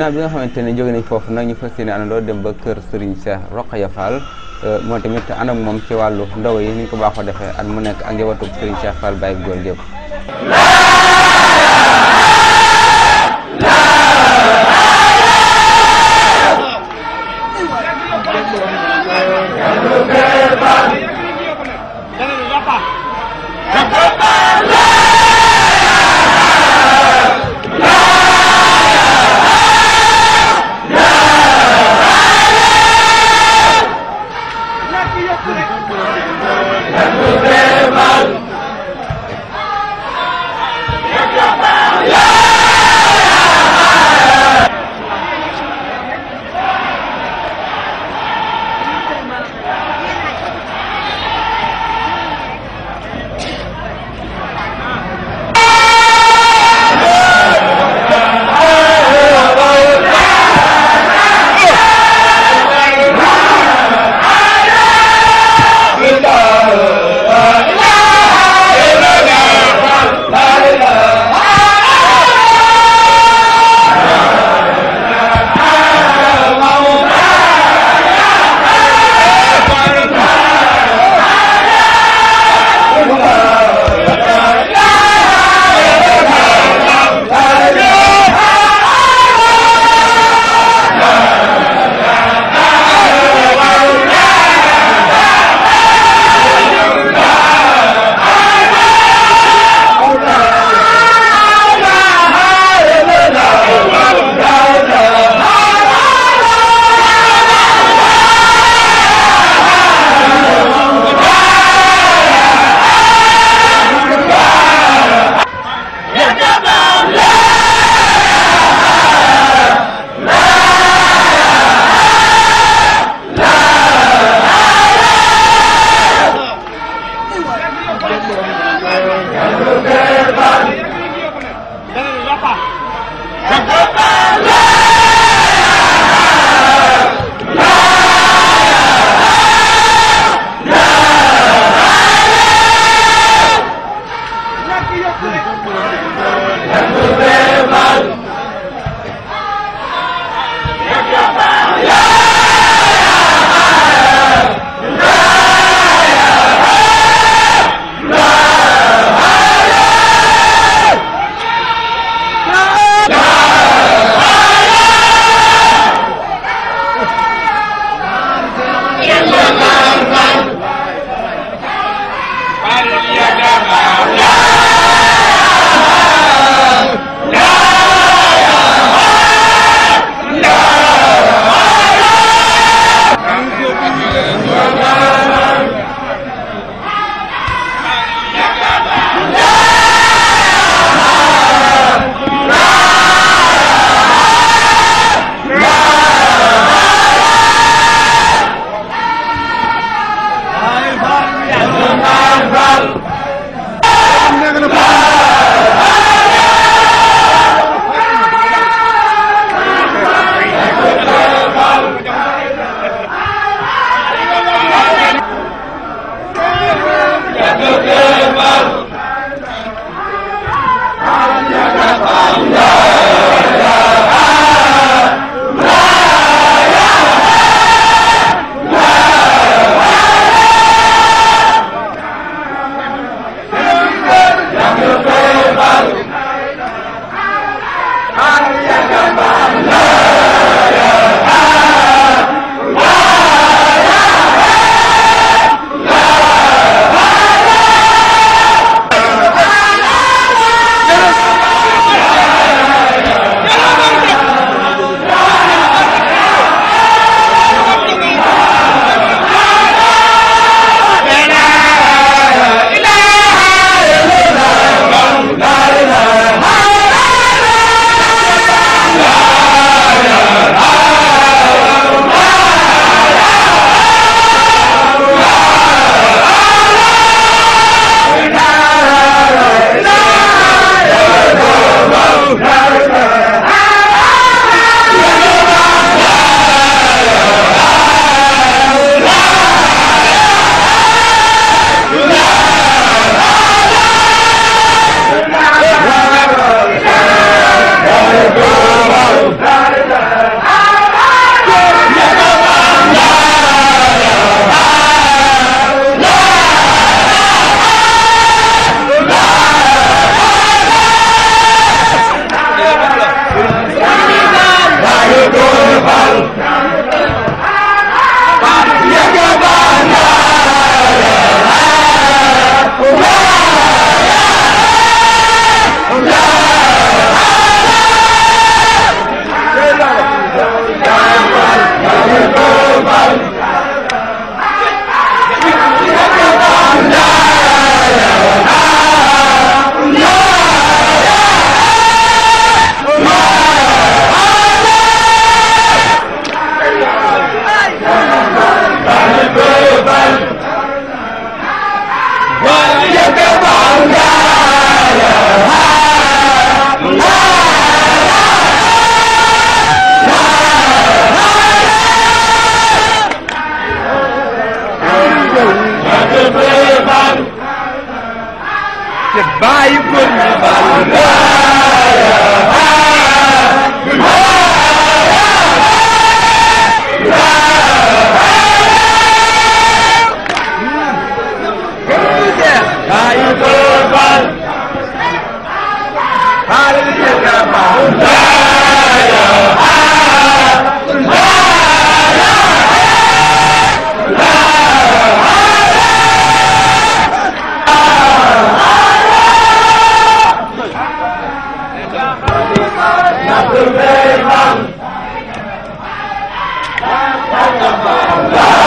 ginnaaw bi nga xamante ne jóge nañ foofu nag ñu fas yéene àndandoo dem ba kër Serigne Cheikh Rokhaya Fall euh, moo tamit ànd moom ci wàllu ndaw yi ni ñu ko baaxoo defee at mu nekk ak njabootu Serigne Cheikh Fall Baye Góor Diop Hamdaka Hamdaka Goodbye, you couldn't. Vai acabar!